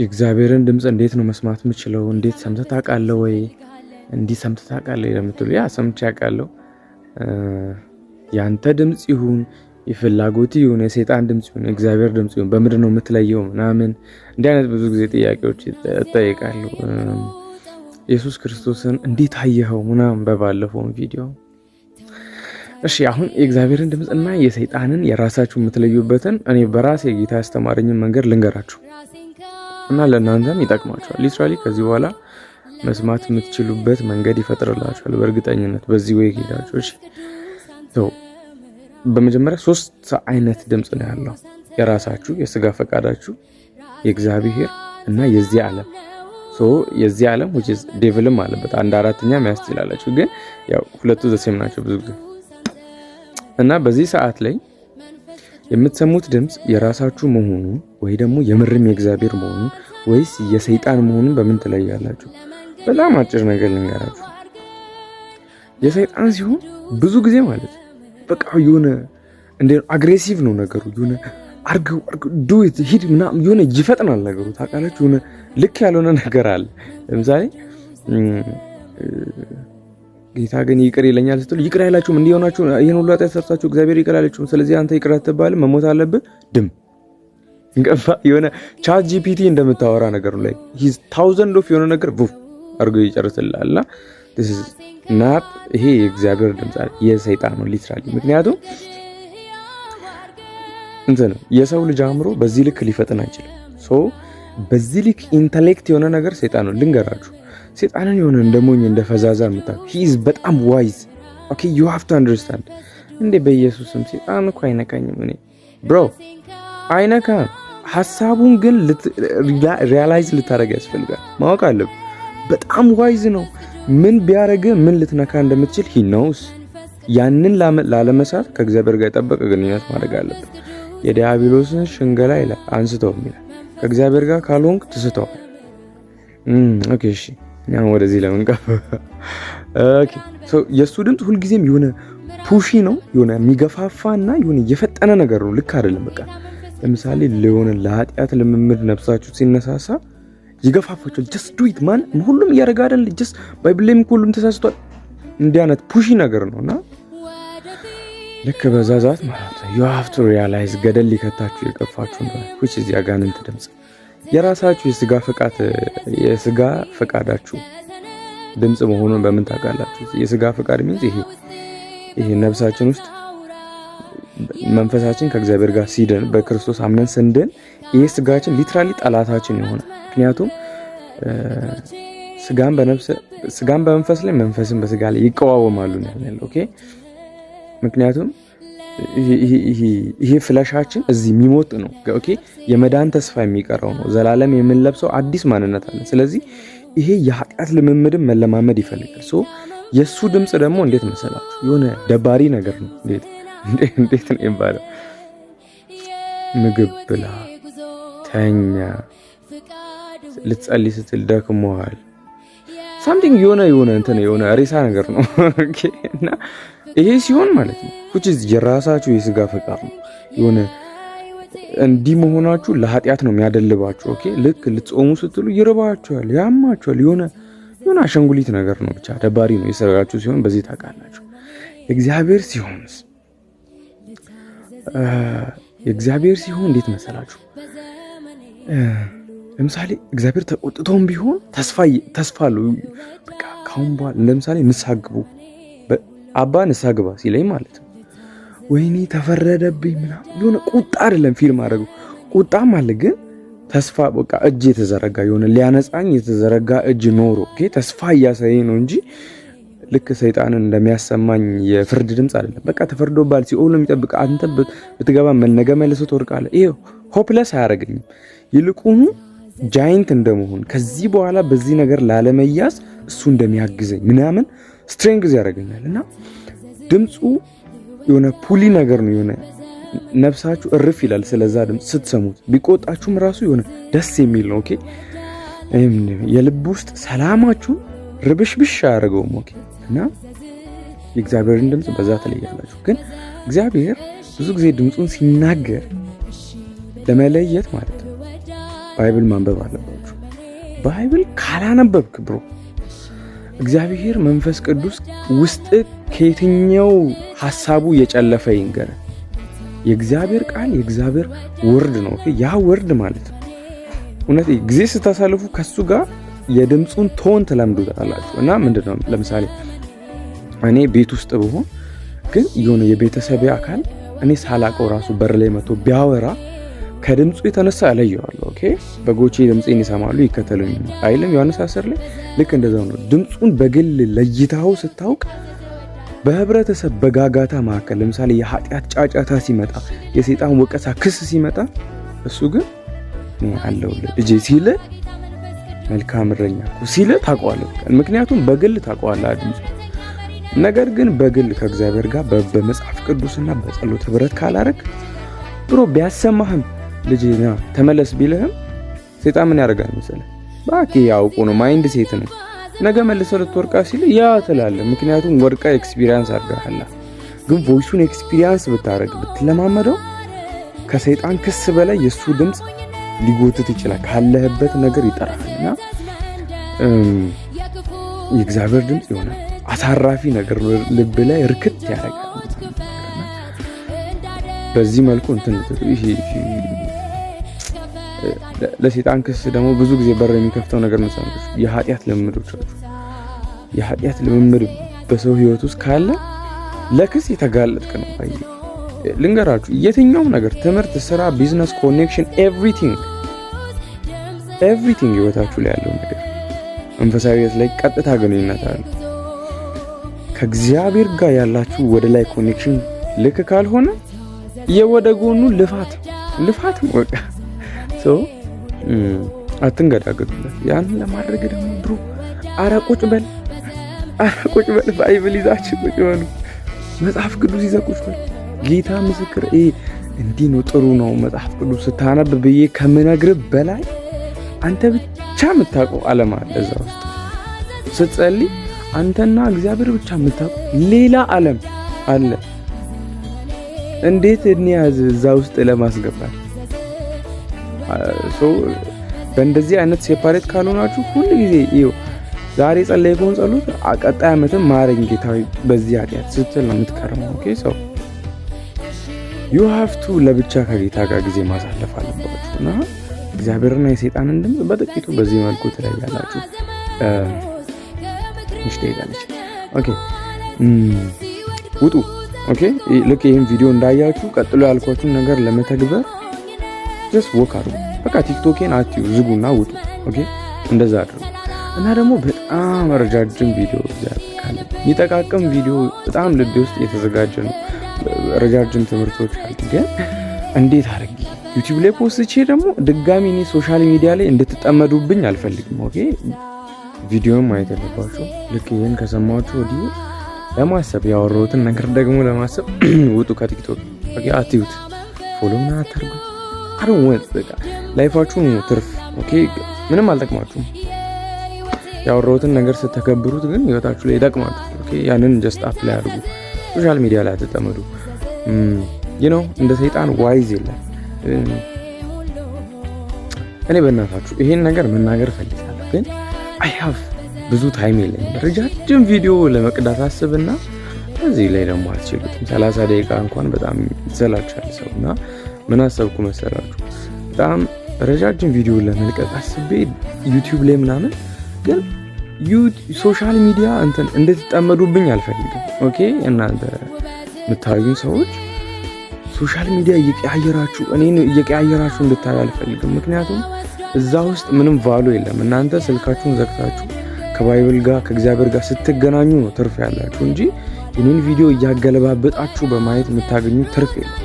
የእግዚአብሔርን ድምፅ እንዴት ነው መስማት የምችለው? እንዴት ሰምተህ ታውቃለህ ወይ እንዲህ ሰምተህ ታውቃለህ ለምትሉ ያ ሰምቼ አውቃለሁ። ያንተ ድምፅ ይሁን የፍላጎት ይሁን የሰይጣን ድምፅ ይሁን የእግዚአብሔር ድምፅ ይሁን በምንድን ነው የምትለየው? ምናምን እንዲህ አይነት ብዙ ጊዜ ጥያቄዎች ይጠይቃሉ። ኢየሱስ ክርስቶስን እንዴት አየኸው ምናምን በባለፈውን ቪዲዮ እሺ አሁን የእግዚአብሔርን ድምፅ እና የሰይጣንን የራሳችሁ የምትለዩበትን እኔ በራሴ ጌታ ያስተማረኝን መንገድ ልንገራችሁ። እና ለእናንተም ይጠቅማቸዋል። ሊትራሊ ከዚህ በኋላ መስማት የምትችሉበት መንገድ ይፈጥርላቸዋል በእርግጠኝነት በዚህ ወይ ሄዳችሁ። በመጀመሪያ ሶስት አይነት ድምፅ ነው ያለው የራሳችሁ የስጋ ፈቃዳችሁ፣ የእግዚአብሔር እና የዚህ ዓለም የዚህ ዓለም ዴቭልም አለበት አንድ አራተኛ መያዝ ትችላላችሁ። ግን ያው ሁለቱ ዘሴም ናቸው ብዙ ጊዜ እና በዚህ ሰዓት ላይ የምትሰሙት ድምፅ የራሳችሁ መሆኑን ወይ ደግሞ የምርም የእግዚአብሔር መሆኑን ወይስ የሰይጣን መሆኑን በምን ትለያላችሁ? በጣም አጭር ነገር ልንገራችሁ። የሰይጣን ሲሆን ብዙ ጊዜ ማለት በቃ የሆነ እንደ አግሬሲቭ ነው ነገሩ። የሆነ አርገው አርገው ዱት ሂድ ምናምን የሆነ ይፈጥናል ነገሩ ታውቃላችሁ። የሆነ ልክ ያልሆነ ነገር አለ። ለምሳሌ ጌታ ግን ይቅር ይለኛል ስትሉ ይቅር አይላችሁም። እንዲሆናችሁ ይህን ሁሉ ኃጢአት ሰርታችሁ እግዚአብሔር ይቅር አይላችሁም። ስለዚህ አንተ ይቅር አትባልም፣ መሞት አለብህ። ድም ገፋ የሆነ ቻት ጂፒቲ እንደምታወራ ነገሩ ላይ ሂዝ ታውዘንድ ኦፍ የሆነ ነገር ቡፍ አድርጎ ይጨርስልሃል። እና ናት ይሄ የእግዚአብሔር ድምፅ የሰይጣን ነው ሊትራሊ። ምክንያቱም እንትን የሰው ልጅ አእምሮ በዚህ ልክ ሊፈጥን አይችልም። ሶ በዚህ ልክ ኢንተሌክት የሆነ ነገር ሰይጣን ነው ልንገራችሁ ሴጣንን የሆነ እንደ ሞኝ እንደ ፈዛዛ ምታ ሂ በጣም ዋይዝ ኦኬ ዩ ሃቭ ቱ አንደርስታንድ። እንዴ በኢየሱስም ሴጣን እኮ አይነካኝም እኔ ብሮ አይነካ ሀሳቡን ግን ሪያላይዝ ልታደረግ ያስፈልጋል። ማወቅ አለብ በጣም ዋይዝ ነው። ምን ቢያደረገ ምን ልትነካ እንደምትችል ሂ ኖውስ። ያንን ላለመሳት ከእግዚአብሔር ጋር የጠበቀ ግንኙነት ማድረግ አለብ የዲያብሎስን ሽንገላ ይላል አንስተውም ይላል። ከእግዚአብሔር ጋር ካልሆንክ ትስተዋል። ኦኬ እሺ እኛም ወደዚህ ለምን ቀፍ የእሱ ድምፅ ሁልጊዜም የሆነ ፑሺ ነው፣ የሆነ የሚገፋፋ እና የሆነ የፈጠነ ነገር ነው። ልክ አይደለም። በቃ ለምሳሌ ለሆነ ለኃጢአት ልምምድ ነፍሳችሁ ሲነሳሳ ይገፋፋችኋል። ጀስ ዱዊት ማን ሁሉም እያደረገ አይደል? ጀስት ባይብል ላይም ሁሉም ተሳስቷል። እንዲህ አይነት ፑሺ ነገር ነው እና ልክ በዛ ሰዓት ማለት ነው ዩ ሃቭ ቱ ሪያላይዝ ገደል ሊከታችሁ የገፋችሁ ነው። እዚህ አጋንንት ድምፅ የራሳችሁ የስጋ ፈቃድ የስጋ ፈቃዳችሁ ድምፅ መሆኑን በምን ታውቃላችሁ? የስጋ ፈቃድ ሚንስ ይሄ ይሄ ነፍሳችን ውስጥ መንፈሳችን ከእግዚአብሔር ጋር ሲድን በክርስቶስ አምነን ስንድን ይሄ ስጋችን ሊትራሊ ጠላታችን የሆነ ምክንያቱም ስጋን በመንፈስ ላይ መንፈስን በስጋ ላይ ይቀዋወማሉ ያለ ምክንያቱም ይሄ ፍለሻችን እዚህ የሚሞጥ ነው። ኦኬ የመዳን ተስፋ የሚቀረው ነው። ዘላለም የምንለብሰው አዲስ ማንነት አለ። ስለዚህ ይሄ የኃጢአት ልምምድን መለማመድ ይፈልጋል። ሶ የእሱ ድምፅ ደግሞ እንዴት መሰላችሁ የሆነ ደባሪ ነገር ነው። እንዴት ነው የሚባለው? ምግብ ብላ፣ ተኛ፣ ልትጸልይ ስትል ደክመዋል ሳምቲንግ የሆነ የሆነ እንትን የሆነ ሬሳ ነገር ነው እና ይሄ ሲሆን ማለት ነው ኩቺ የራሳችሁ የስጋ ፈቃድ ነው የሆነ እንዲህ መሆናችሁ ለኃጢአት ነው የሚያደልባችሁ። ኦኬ ልክ ልትጾሙ ስትሉ ይርባችኋል፣ ያማችኋል። የሆነ የሆነ አሻንጉሊት ነገር ነው ብቻ ደባሪ ነው የሰራችሁ ሲሆን በዚህ ታውቃላችሁ። እግዚአብሔር ሲሆን እግዚአብሔር ሲሆን እንዴት መሰላችሁ? ለምሳሌ እግዚአብሔር ተቆጥቶም ቢሆን ተስፋ አለው። በቃ ካሁን በኋላ ለምሳሌ ንስሐ ግቡ አባ ንስሐ ግባ ሲለኝ ማለት ነው ወይኔ ተፈረደብኝ ምናምን የሆነ ቁጣ አይደለም ፊልም አደረገው ቁጣም አለ ግን ተስፋ በቃ እጅ የተዘረጋ የሆነ ሊያነጻኝ የተዘረጋ እጅ ኖሮ ተስፋ እያሳየ ነው እንጂ ልክ ሰይጣንን እንደሚያሰማኝ የፍርድ ድምፅ አይደለም። በቃ ተፈርዶባል፣ ሲኦል ነው የሚጠብቅ፣ አንተ ብትገባ መነገ መልሶ ትወድቃለህ። ይሄ ሆፕለስ አያደርገኝም ይልቁኑ ጃይንት እንደመሆን ከዚህ በኋላ በዚህ ነገር ላለመያዝ እሱ እንደሚያግዘኝ ምናምን ስትሬንግዝ ያደርገኛል እና ድምፁ የሆነ ፑሊ ነገር ነው። የሆነ ነፍሳችሁ እርፍ ይላል። ስለዛ ድምፅ ስትሰሙት ቢቆጣችሁም ራሱ የሆነ ደስ የሚል ነው። ኦኬ የልብ ውስጥ ሰላማችሁ ርብሽብሽ አያደርገውም። ኦኬ እና የእግዚአብሔርን ድምፅ በዛ ትለያላችሁ። ግን እግዚአብሔር ብዙ ጊዜ ድምፁን ሲናገር ለመለየት ማለት ነው ባይብል ማንበብ አለባችሁ። ባይብል ካላነበብክ ብሮ እግዚአብሔር መንፈስ ቅዱስ ውስጥ ከየትኛው ሀሳቡ የጨለፈ ይንገር። የእግዚአብሔር ቃል የእግዚአብሔር ወርድ ነው። ያ ወርድ ማለት ነው እውነት ጊዜ ስታሳልፉ ከሱ ጋር የድምፁን ቶን ትለምዱታላችሁ። እና ምንድን ነው ለምሳሌ እኔ ቤት ውስጥ ብሆን ግን የሆነ የቤተሰቤ አካል እኔ ሳላቀው ራሱ በር ላይ መቶ ቢያወራ ከድምፁ የተነሳ እለየዋለሁ። በጎቼ ድምፄን ይሰማሉ ይከተሉኝ አይልም ዮሐንስ አስር ላይ ልክ እንደዛው ነው። ድምፁን በግል ለይታው ስታውቅ በህብረተሰብ በጋጋታ መካከል ለምሳሌ የኃጢአት ጫጫታ ሲመጣ፣ የሴጣን ወቀሳ ክስ ሲመጣ እሱ ግን አለው አለሁልህ ሲለ መልካም እረኛ ሲለ ታውቀዋለህ። ምክንያቱም በግል ታውቀዋለህ ድምፁ ነገር ግን በግል ከእግዚአብሔር ጋር በመጽሐፍ ቅዱስና በጸሎት ህብረት ካላረግ ብሮ ቢያሰማህም ልጅ ተመለስ ቢልህም ሴጣን ምን ያደርጋል መሰለ ባኪ ያውቁ ነው ማይንድ ሴት ነው። ነገ መልሰው ልትወርቃ ሲል ያ ትላለ ምክንያቱም ወርቃ ኤክስፒሪያንስ አድርገሃል። ግን ቮይሱን ኤክስፒሪያንስ ብታደረግ ብትለማመደው ከሰይጣን ክስ በላይ የእሱ ድምፅ ሊጎትት ይችላል። ካለህበት ነገር ይጠራልና የእግዚአብሔር ድምፅ የሆነ አሳራፊ ነገር ልብ ላይ እርክት ያደረጋል በዚህ መልኩ እንትን ለሴጣን ክስ ደግሞ ብዙ ጊዜ በር የሚከፍተው ነገር መሳንቶች የኃጢአት ልምምዶች አሉ። የኃጢአት ልምምድ በሰው ህይወት ውስጥ ካለ ለክስ የተጋለጥክ ነው። አይ ልንገራችሁ፣ የትኛውም ነገር ትምህርት፣ ስራ፣ ቢዝነስ፣ ኮኔክሽን፣ ኤቭሪቲንግ ኤቭሪቲንግ ህይወታችሁ ላይ ያለው ነገር መንፈሳዊ ህይወት ላይ ቀጥታ ግንኙነት አለ ከእግዚአብሔር ጋር ያላችሁ ወደ ላይ ኮኔክሽን ልክ ካልሆነ የወደ ጎኑ ልፋት ልፋት አትንገዳገዱበት። ያንን ለማድረግ ደግሞ ድሮ አረ ቁጭ በል አረ ቁጭ በል ባይብል ይዛችሁ ቁጭ በሉ፣ መጽሐፍ ቅዱስ ይዘህ ቁጭ በል። ጌታ ምስክር እንዲህ ነው፣ ጥሩ ነው። መጽሐፍ ቅዱስ ስታነብ ብዬ ከምነግር በላይ አንተ ብቻ የምታውቀው ዓለም አለ እዛ ውስጥ። ስትጸልይ አንተና እግዚአብሔር ብቻ የምታውቀው ሌላ ዓለም አለ። እንዴት እንያዝ እዛ ውስጥ ለማስገባት በእንደዚህ አይነት ሴፓሬት ካልሆናችሁ ሁሉ ጊዜ ይው ዛሬ ጸለይ ከሆን ጸሎት ቀጣይ ዓመትም ማረኝ ጌታዊ በዚህ ኃጢአት ስትል ነው የምትከርመው። ሰው ዩ ሃቭ ቱ ለብቻ ከጌታ ጋር ጊዜ ማሳለፍ አለባችሁ እና እግዚአብሔርና የሰይጣንን ድምፅ በጥቂቱ በዚህ መልኩ ትለያላችሁ። ትንሽ ደቂቃለች። ኦኬ ውጡ። ኦኬ ልክ ይህን ቪዲዮ እንዳያችሁ ቀጥሎ ያልኳችሁን ነገር ለመተግበር ጀስት ወክ አድርጉ። በቃ ቲክቶኬን አትዩ ዝጉና ውጡ። ኦኬ እንደዛ አድርጉ እና ደግሞ በጣም ረጃጅም ቪዲዮ ያካል የሚጠቃቅም ቪዲዮ በጣም ልቤ ውስጥ የተዘጋጀ ነው። ረጃጅም ትምህርቶች አሉ፣ ግን እንዴት አድርጌ ዩቲብ ላይ ፖስት ቼ ደግሞ ድጋሚ እኔ ሶሻል ሚዲያ ላይ እንድትጠመዱብኝ አልፈልግም። ኦኬ ቪዲዮም ማየት ያለባቸው ልክ ይህን ከሰማችሁ ወዲሁ ለማሰብ ያወራሁትን ነገር ደግሞ ለማሰብ ውጡ ከቲክቶክ አትዩት፣ ፎሎ ምናምን አታርጉ። አይ ዶንት ዋንት በቃ ላይፋችሁን ትርፍ ኦኬ፣ ምንም አልጠቅማችሁም። ያወራሁትን ነገር ስተከብሩት ግን ህይወታችሁ ላይ ይጠቅማችሁ። ኦኬ፣ ያንን ጀስት አፕ ላይ አድርጉ። ሶሻል ሚዲያ ላይ አትጠመዱ። ይህ ነው እንደ ሰይጣን ዋይዝ የለም። እኔ በእናታችሁ ይሄን ነገር መናገር ፈልጋለሁ፣ ግን አይ ሃቭ ብዙ ታይም የለኝም። ረጃጅም ቪዲዮ ለመቅዳት አስብና እዚህ ላይ ደግሞ አልችሉትም። ሰላሳ ደቂቃ እንኳን በጣም ይዘላችኋል ሰው እና ምን አሰብኩ መሰላችሁ በጣም ረጃጅም ቪዲዮ ለመልቀቅ አስቤ ዩቲዩብ ላይ ምናምን ግን ሶሻል ሚዲያ እንትን እንድትጠመዱብኝ አልፈልግም። ኦኬ እናንተ የምታዩኝ ሰዎች ሶሻል ሚዲያ እየቀያየራችሁ እኔን እየቀያየራችሁ እንድታዩ አልፈልግም። ምክንያቱም እዛ ውስጥ ምንም ቫሉ የለም። እናንተ ስልካችሁን ዘግታችሁ ከባይብል ጋር ከእግዚአብሔር ጋር ስትገናኙ ነው ትርፍ ያላችሁ እንጂ የኔን ቪዲዮ እያገለባበጣችሁ በማየት የምታገኙ ትርፍ የለም።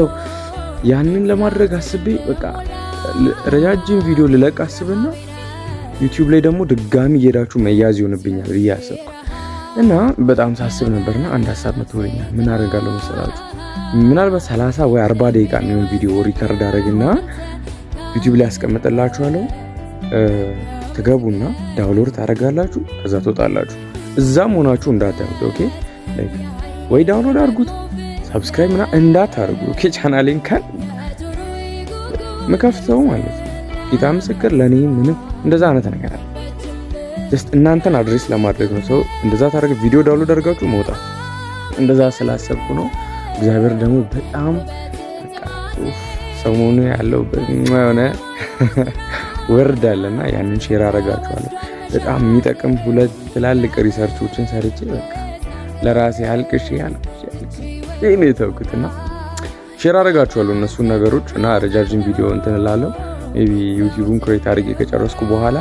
ሰው ያንን ለማድረግ አስቤ በቃ ረጃጅም ቪዲዮ ልለቅ አስብና ዩቲዩብ ላይ ደግሞ ድጋሚ እየሄዳችሁ መያዝ ይሆንብኛል ብዬ አሰብኩ እና በጣም ሳስብ ነበርና አንድ ሀሳብ መጥቶልኛል። ምን አደርጋለሁ መሰላችሁ? ምናልባት 30 ወይ 40 ደቂቃ የሚሆን ቪዲዮ ሪከርድ አደረግና ዩቲዩብ ላይ ያስቀምጥላችኋለሁ። ትገቡና ዳውንሎድ ታደርጋላችሁ፣ ከዛ ትወጣላችሁ። እዛም ሆናችሁ እንዳታዩት ኦኬ። ወይ ዳውንሎድ አድርጉት ሰብስክራይብ ምናምን እንዳታደርጉ። ኦኬ ቻናሌን ካል ምከፍተው ማለት ነው። ጌታ ምስክር ለእኔ ምንም እንደዛ አይነት ነገር አለ ጀስት እናንተን አድሬስ ለማድረግ ነው። ሰው እንደዛ ታደርግ ቪዲዮ ዳሉ ደርጋችሁ መውጣት እንደዛ ስላሰብኩ ነው። እግዚአብሔር ደግሞ በጣም ሰሞኑ ያለው ሆነ ወርድ አለና ያንን ሼር አረጋችኋለሁ። በጣም የሚጠቅም ሁለት ትላልቅ ሪሰርቾችን ሰርቼ በቃ ለራሴ አልቅሽ ያለ ይህ ነው እና ሼር አደርጋችኋለሁ እነሱን ነገሮች እና ረጃጅም ቪዲዮ እንትንላለሁ ቢ ዩቲዩቡን ክሬት አድርጌ ከጨረስኩ በኋላ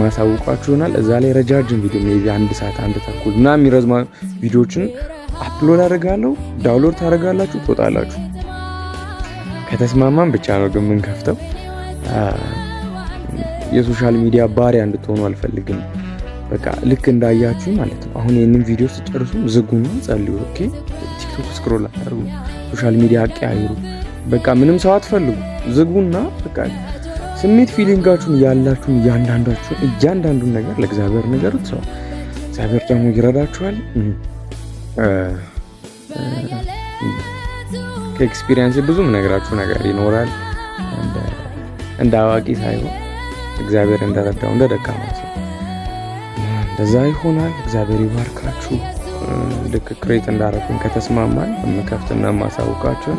ማሳውቋችሁ ይሆናል። እዛ ላይ ረጃጅም ቪዲዮ ቢ አንድ ሰዓት አንድ ተኩል እና የሚረዝማ ቪዲዮዎችን አፕሎድ አደርጋለሁ። ዳውንሎድ ታደርጋላችሁ፣ ትወጣላችሁ። ከተስማማን ብቻ ነው ግን ምንከፍተው የሶሻል ሚዲያ ባሪያ እንድትሆኑ አልፈልግም። በቃ ልክ እንዳያችሁ ማለት ነው። አሁን ይህንን ቪዲዮ ስጨርሱ ዝጉና ጸልዩ። ኦኬ ቲክቶክ ስክሮል አታርጉ፣ ሶሻል ሚዲያ አቀያይሩ። በቃ ምንም ሰው አትፈልጉ፣ ዝጉና በቃ ስሜት ፊሊንጋችሁን ያላችሁን እያንዳንዳችሁን እያንዳንዱን ነገር ለእግዚአብሔር ንገሩት። ሰው እግዚአብሔር ደግሞ ይረዳችኋል። ከኤክስፒሪየንስ ብዙም ነገራችሁ ነገር ይኖራል። እንደ አዋቂ ሳይሆን እግዚአብሔር እንደረዳው እንደ ደካማ ሰው እንደዛ ይሆናል። እግዚአብሔር ይባርካችሁ። ልክ ክሬት እንዳረኩኝ ከተስማማኝ የምከፍትና የማሳውቃችሁ